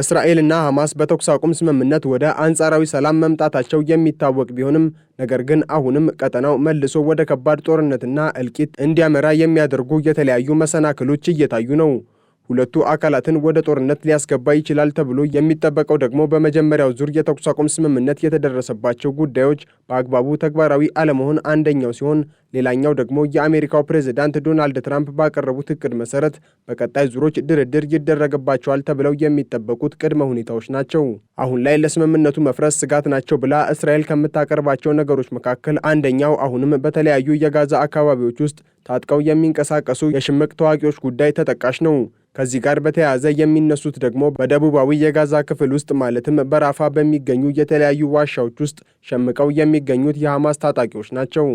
እስራኤልና ሐማስ በተኩስ አቁም ስምምነት ወደ አንጻራዊ ሰላም መምጣታቸው የሚታወቅ ቢሆንም ነገር ግን አሁንም ቀጠናው መልሶ ወደ ከባድ ጦርነትና እልቂት እንዲያመራ የሚያደርጉ የተለያዩ መሰናክሎች እየታዩ ነው። ሁለቱ አካላትን ወደ ጦርነት ሊያስገባ ይችላል ተብሎ የሚጠበቀው ደግሞ በመጀመሪያው ዙር የተኩስ አቁም ስምምነት የተደረሰባቸው ጉዳዮች በአግባቡ ተግባራዊ አለመሆን አንደኛው ሲሆን ሌላኛው ደግሞ የአሜሪካው ፕሬዝዳንት ዶናልድ ትራምፕ ባቀረቡት እቅድ መሰረት በቀጣይ ዙሮች ድርድር ይደረግባቸዋል ተብለው የሚጠበቁት ቅድመ ሁኔታዎች ናቸው። አሁን ላይ ለስምምነቱ መፍረስ ስጋት ናቸው ብላ እስራኤል ከምታቀርባቸው ነገሮች መካከል አንደኛው አሁንም በተለያዩ የጋዛ አካባቢዎች ውስጥ ታጥቀው የሚንቀሳቀሱ የሽምቅ ተዋቂዎች ጉዳይ ተጠቃሽ ነው። ከዚህ ጋር በተያያዘ የሚነሱት ደግሞ በደቡባዊ የጋዛ ክፍል ውስጥ ማለትም በራፋ በሚገኙ የተለያዩ ዋሻዎች ውስጥ ሸምቀው የሚገኙት የሐማስ ታጣቂዎች ናቸው።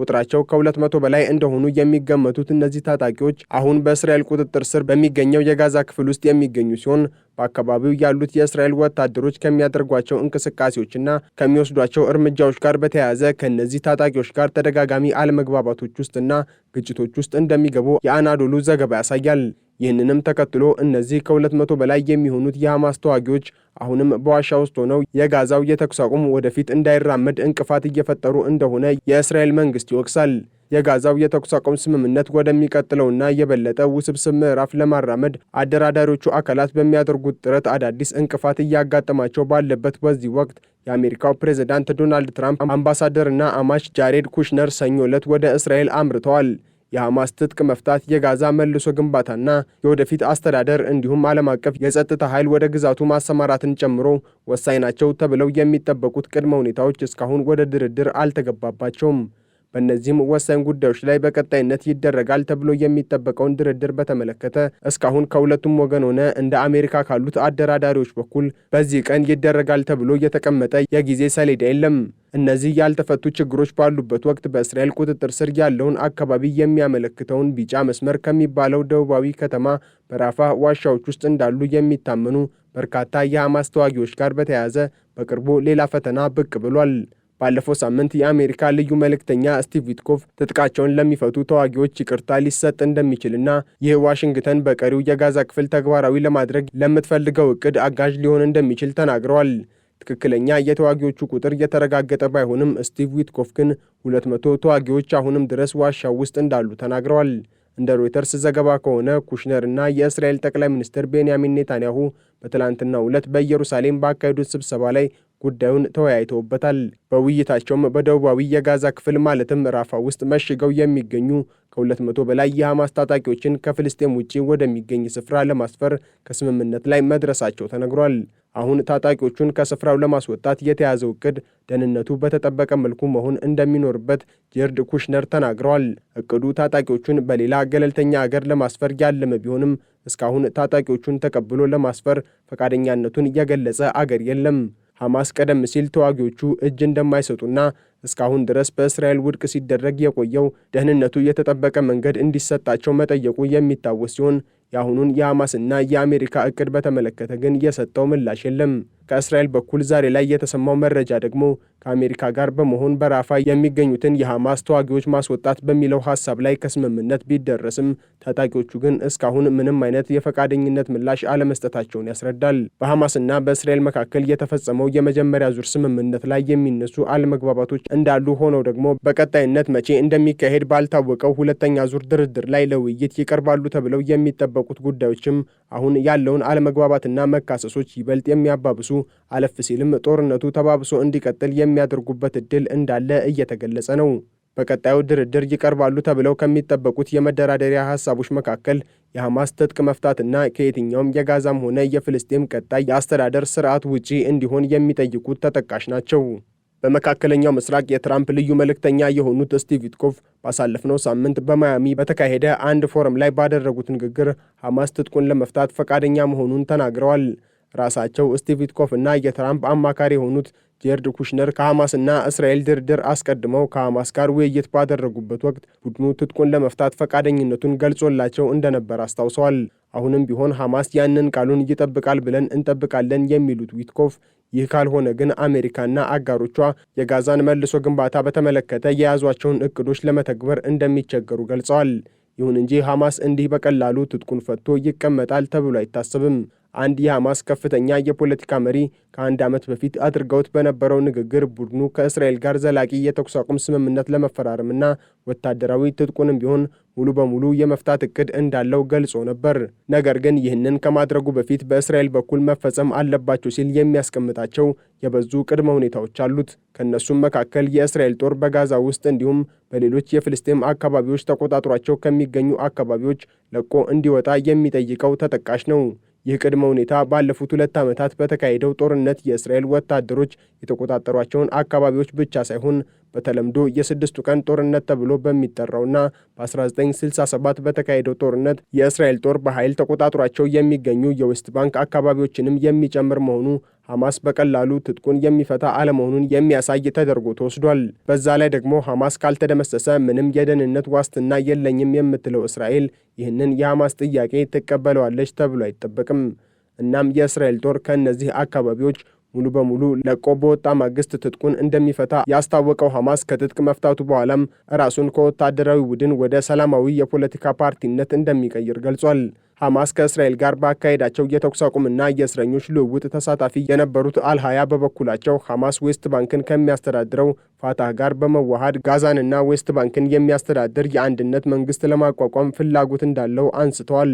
ቁጥራቸው ከሁለት መቶ በላይ እንደሆኑ የሚገመቱት እነዚህ ታጣቂዎች አሁን በእስራኤል ቁጥጥር ስር በሚገኘው የጋዛ ክፍል ውስጥ የሚገኙ ሲሆን በአካባቢው ያሉት የእስራኤል ወታደሮች ከሚያደርጓቸው እንቅስቃሴዎችና ከሚወስዷቸው እርምጃዎች ጋር በተያያዘ ከእነዚህ ታጣቂዎች ጋር ተደጋጋሚ አለመግባባቶች ውስጥና ግጭቶች ውስጥ እንደሚገቡ የአናዶሉ ዘገባ ያሳያል። ይህንንም ተከትሎ እነዚህ ከሁለት መቶ በላይ የሚሆኑት የሐማስ ተዋጊዎች አሁንም በዋሻ ውስጥ ሆነው የጋዛው የተኩስ አቁም ወደፊት እንዳይራመድ እንቅፋት እየፈጠሩ እንደሆነ የእስራኤል መንግስት ይወቅሳል። የጋዛው የተኩስ አቁም ስምምነት ወደሚቀጥለውና የበለጠ ውስብስብ ምዕራፍ ለማራመድ አደራዳሪዎቹ አካላት በሚያደርጉት ጥረት አዳዲስ እንቅፋት እያጋጠማቸው ባለበት በዚህ ወቅት የአሜሪካው ፕሬዝዳንት ዶናልድ ትራምፕ አምባሳደርና አማች ጃሬድ ኩሽነር ሰኞ ዕለት ወደ እስራኤል አምርተዋል። የሐማስ ትጥቅ መፍታት፣ የጋዛ መልሶ ግንባታና የወደፊት አስተዳደር እንዲሁም ዓለም አቀፍ የጸጥታ ኃይል ወደ ግዛቱ ማሰማራትን ጨምሮ ወሳኝ ናቸው ተብለው የሚጠበቁት ቅድመ ሁኔታዎች እስካሁን ወደ ድርድር አልተገባባቸውም። በእነዚህም ወሳኝ ጉዳዮች ላይ በቀጣይነት ይደረጋል ተብሎ የሚጠበቀውን ድርድር በተመለከተ እስካሁን ከሁለቱም ወገን ሆነ እንደ አሜሪካ ካሉት አደራዳሪዎች በኩል በዚህ ቀን ይደረጋል ተብሎ የተቀመጠ የጊዜ ሰሌዳ የለም። እነዚህ ያልተፈቱ ችግሮች ባሉበት ወቅት በእስራኤል ቁጥጥር ስር ያለውን አካባቢ የሚያመለክተውን ቢጫ መስመር ከሚባለው ደቡባዊ ከተማ በራፋ ዋሻዎች ውስጥ እንዳሉ የሚታመኑ በርካታ የሐማስ ተዋጊዎች ጋር በተያያዘ በቅርቡ ሌላ ፈተና ብቅ ብሏል። ባለፈው ሳምንት የአሜሪካ ልዩ መልእክተኛ ስቲቭ ዊትኮቭ ትጥቃቸውን ለሚፈቱ ተዋጊዎች ይቅርታ ሊሰጥ እንደሚችልና ይህ ዋሽንግተን በቀሪው የጋዛ ክፍል ተግባራዊ ለማድረግ ለምትፈልገው እቅድ አጋዥ ሊሆን እንደሚችል ተናግረዋል። ትክክለኛ የተዋጊዎቹ ቁጥር የተረጋገጠ ባይሆንም ስቲቭ ዊትኮፍ ግን 200 ተዋጊዎች አሁንም ድረስ ዋሻው ውስጥ እንዳሉ ተናግረዋል። እንደ ሮይተርስ ዘገባ ከሆነ ኩሽነር እና የእስራኤል ጠቅላይ ሚኒስትር ቤንያሚን ኔታንያሁ በትላንትናው ዕለት በኢየሩሳሌም ባካሄዱት ስብሰባ ላይ ጉዳዩን ተወያይተውበታል። በውይይታቸውም በደቡባዊ የጋዛ ክፍል ማለትም ራፋ ውስጥ መሽገው የሚገኙ ከ መቶ በላይ የሐማስ ታጣቂዎችን ከፍልስጤም ውጪ ወደሚገኝ ስፍራ ለማስፈር ከስምምነት ላይ መድረሳቸው ተነግሯል። አሁን ታጣቂዎቹን ከስፍራው ለማስወጣት የተያዘው እቅድ ደህንነቱ በተጠበቀ መልኩ መሆን እንደሚኖርበት ጄርድ ኩሽነር ተናግረዋል። እቅዱ ታጣቂዎቹን በሌላ ገለልተኛ አገር ለማስፈር ያለመ ቢሆንም እስካሁን ታጣቂዎቹን ተቀብሎ ለማስፈር ፈቃደኛነቱን የገለጸ አገር የለም። ሐማስ ቀደም ሲል ተዋጊዎቹ እጅ እንደማይሰጡና እስካሁን ድረስ በእስራኤል ውድቅ ሲደረግ የቆየው ደህንነቱ የተጠበቀ መንገድ እንዲሰጣቸው መጠየቁ የሚታወስ ሲሆን የአሁኑን የሐማስና የአሜሪካ ዕቅድ በተመለከተ ግን የሰጠው ምላሽ የለም። ከእስራኤል በኩል ዛሬ ላይ የተሰማው መረጃ ደግሞ ከአሜሪካ ጋር በመሆን በራፋ የሚገኙትን የሐማስ ተዋጊዎች ማስወጣት በሚለው ሀሳብ ላይ ከስምምነት ቢደረስም ታጣቂዎቹ ግን እስካሁን ምንም አይነት የፈቃደኝነት ምላሽ አለመስጠታቸውን ያስረዳል። በሐማስና በእስራኤል መካከል የተፈጸመው የመጀመሪያ ዙር ስምምነት ላይ የሚነሱ አለመግባባቶች እንዳሉ ሆነው ደግሞ በቀጣይነት መቼ እንደሚካሄድ ባልታወቀው ሁለተኛ ዙር ድርድር ላይ ለውይይት ይቀርባሉ ተብለው የሚጠበቁት ጉዳዮችም አሁን ያለውን አለመግባባትና መካሰሶች ይበልጥ የሚያባብሱ አለፍ ሲልም ጦርነቱ ተባብሶ እንዲቀጥል የሚያደርጉበት እድል እንዳለ እየተገለጸ ነው። በቀጣዩ ድርድር ይቀርባሉ ተብለው ከሚጠበቁት የመደራደሪያ ሀሳቦች መካከል የሐማስ ትጥቅ መፍታትና ከየትኛውም የጋዛም ሆነ የፍልስጤም ቀጣይ የአስተዳደር ስርዓት ውጪ እንዲሆን የሚጠይቁት ተጠቃሽ ናቸው። በመካከለኛው ምስራቅ የትራምፕ ልዩ መልእክተኛ የሆኑት ስቲቭ ዊትኮፍ ባሳለፍነው ሳምንት በማያሚ በተካሄደ አንድ ፎረም ላይ ባደረጉት ንግግር ሐማስ ትጥቁን ለመፍታት ፈቃደኛ መሆኑን ተናግረዋል። ራሳቸው ስቲቭ ዊትኮፍ እና የትራምፕ አማካሪ የሆኑት ጄርድ ኩሽነር ከሐማስና እስራኤል ድርድር አስቀድመው ከሐማስ ጋር ውይይት ባደረጉበት ወቅት ቡድኑ ትጥቁን ለመፍታት ፈቃደኝነቱን ገልጾላቸው እንደነበር አስታውሰዋል። አሁንም ቢሆን ሐማስ ያንን ቃሉን ይጠብቃል ብለን እንጠብቃለን የሚሉት ዊትኮፍ ይህ ካልሆነ ግን አሜሪካና አጋሮቿ የጋዛን መልሶ ግንባታ በተመለከተ የያዟቸውን እቅዶች ለመተግበር እንደሚቸገሩ ገልጸዋል። ይሁን እንጂ ሐማስ እንዲህ በቀላሉ ትጥቁን ፈትቶ ይቀመጣል ተብሎ አይታሰብም። አንድ የሐማስ ከፍተኛ የፖለቲካ መሪ ከአንድ ዓመት በፊት አድርገውት በነበረው ንግግር ቡድኑ ከእስራኤል ጋር ዘላቂ የተኩስ አቁም ስምምነት ለመፈራረምና ወታደራዊ ትጥቁንም ቢሆን ሙሉ በሙሉ የመፍታት እቅድ እንዳለው ገልጾ ነበር። ነገር ግን ይህንን ከማድረጉ በፊት በእስራኤል በኩል መፈጸም አለባቸው ሲል የሚያስቀምጣቸው የበዙ ቅድመ ሁኔታዎች አሉት። ከእነሱም መካከል የእስራኤል ጦር በጋዛ ውስጥ እንዲሁም በሌሎች የፍልስጤም አካባቢዎች ተቆጣጥሯቸው ከሚገኙ አካባቢዎች ለቆ እንዲወጣ የሚጠይቀው ተጠቃሽ ነው። ይህ ቅድመ ሁኔታ ባለፉት ሁለት ዓመታት በተካሄደው ጦርነት የእስራኤል ወታደሮች የተቆጣጠሯቸውን አካባቢዎች ብቻ ሳይሆን በተለምዶ የስድስቱ ቀን ጦርነት ተብሎ በሚጠራውና በ1967 በተካሄደው ጦርነት የእስራኤል ጦር በኃይል ተቆጣጥሯቸው የሚገኙ የዌስት ባንክ አካባቢዎችንም የሚጨምር መሆኑ ሐማስ በቀላሉ ትጥቁን የሚፈታ አለመሆኑን የሚያሳይ ተደርጎ ተወስዷል። በዛ ላይ ደግሞ ሐማስ ካልተደመሰሰ ምንም የደህንነት ዋስትና የለኝም የምትለው እስራኤል ይህንን የሐማስ ጥያቄ ትቀበለዋለች ተብሎ አይጠበቅም። እናም የእስራኤል ጦር ከእነዚህ አካባቢዎች ሙሉ በሙሉ ለቆ በወጣ ማግስት ትጥቁን እንደሚፈታ ያስታወቀው ሐማስ ከትጥቅ መፍታቱ በኋላም ራሱን ከወታደራዊ ቡድን ወደ ሰላማዊ የፖለቲካ ፓርቲነት እንደሚቀይር ገልጿል። ሐማስ ከእስራኤል ጋር ባካሄዳቸው የተኩስ አቁምና የእስረኞች ልውውጥ ተሳታፊ የነበሩት አልሃያ በበኩላቸው ሐማስ ዌስት ባንክን ከሚያስተዳድረው ፋታህ ጋር በመዋሃድ ጋዛንና ዌስት ባንክን የሚያስተዳድር የአንድነት መንግስት ለማቋቋም ፍላጎት እንዳለው አንስተዋል።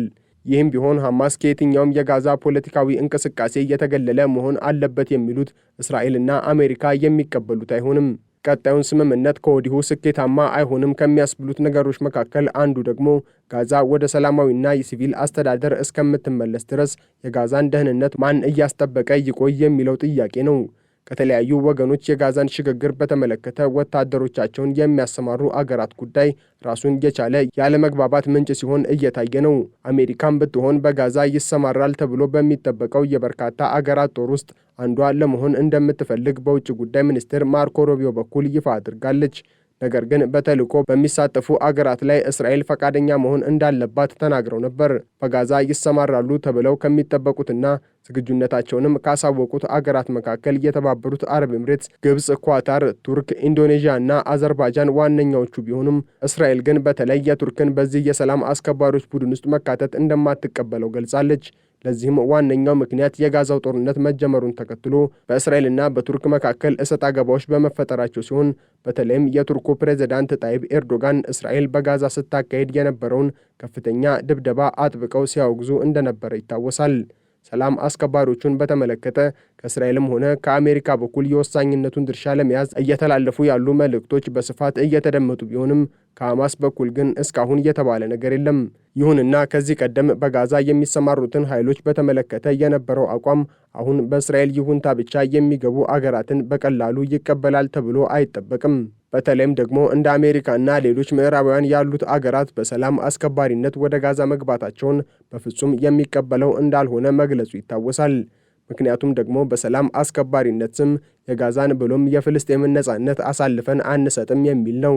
ይህም ቢሆን ሐማስ ከየትኛውም የጋዛ ፖለቲካዊ እንቅስቃሴ የተገለለ መሆን አለበት የሚሉት እስራኤልና አሜሪካ የሚቀበሉት አይሆንም። ቀጣዩን ስምምነት ከወዲሁ ስኬታማ አይሆንም ከሚያስብሉት ነገሮች መካከል አንዱ ደግሞ ጋዛ ወደ ሰላማዊና የሲቪል አስተዳደር እስከምትመለስ ድረስ የጋዛን ደህንነት ማን እያስጠበቀ ይቆይ የሚለው ጥያቄ ነው። ከተለያዩ ወገኖች የጋዛን ሽግግር በተመለከተ ወታደሮቻቸውን የሚያሰማሩ አገራት ጉዳይ ራሱን የቻለ የአለመግባባት ምንጭ ሲሆን እየታየ ነው። አሜሪካም ብትሆን በጋዛ ይሰማራል ተብሎ በሚጠበቀው የበርካታ አገራት ጦር ውስጥ አንዷ ለመሆን እንደምትፈልግ በውጭ ጉዳይ ሚኒስትር ማርኮ ሮቢዮ በኩል ይፋ አድርጋለች። ነገር ግን በተልዕኮ በሚሳተፉ አገራት ላይ እስራኤል ፈቃደኛ መሆን እንዳለባት ተናግረው ነበር። በጋዛ ይሰማራሉ ተብለው ከሚጠበቁትና ዝግጁነታቸውንም ካሳወቁት አገራት መካከል የተባበሩት አረብ ኤምሬትስ፣ ግብፅ፣ ኳታር፣ ቱርክ፣ ኢንዶኔዥያ እና አዘርባይጃን ዋነኛዎቹ ቢሆኑም እስራኤል ግን በተለይ የቱርክን በዚህ የሰላም አስከባሪዎች ቡድን ውስጥ መካተት እንደማትቀበለው ገልጻለች። ለዚህም ዋነኛው ምክንያት የጋዛው ጦርነት መጀመሩን ተከትሎ በእስራኤልና በቱርክ መካከል እሰጥ አገባዎች በመፈጠራቸው ሲሆን በተለይም የቱርኩ ፕሬዝዳንት ጣይብ ኤርዶጋን እስራኤል በጋዛ ስታካሄድ የነበረውን ከፍተኛ ድብደባ አጥብቀው ሲያወግዙ እንደነበረ ይታወሳል። ሰላም አስከባሪዎቹን በተመለከተ ከእስራኤልም ሆነ ከአሜሪካ በኩል የወሳኝነቱን ድርሻ ለመያዝ እየተላለፉ ያሉ መልእክቶች በስፋት እየተደመጡ ቢሆንም ከሐማስ በኩል ግን እስካሁን የተባለ ነገር የለም። ይሁንና ከዚህ ቀደም በጋዛ የሚሰማሩትን ኃይሎች በተመለከተ የነበረው አቋም አሁን በእስራኤል ይሁንታ ብቻ የሚገቡ አገራትን በቀላሉ ይቀበላል ተብሎ አይጠበቅም። በተለይም ደግሞ እንደ አሜሪካ እና ሌሎች ምዕራባውያን ያሉት አገራት በሰላም አስከባሪነት ወደ ጋዛ መግባታቸውን በፍጹም የሚቀበለው እንዳልሆነ መግለጹ ይታወሳል። ምክንያቱም ደግሞ በሰላም አስከባሪነት ስም የጋዛን ብሎም የፍልስጤምን ነጻነት አሳልፈን አንሰጥም የሚል ነው።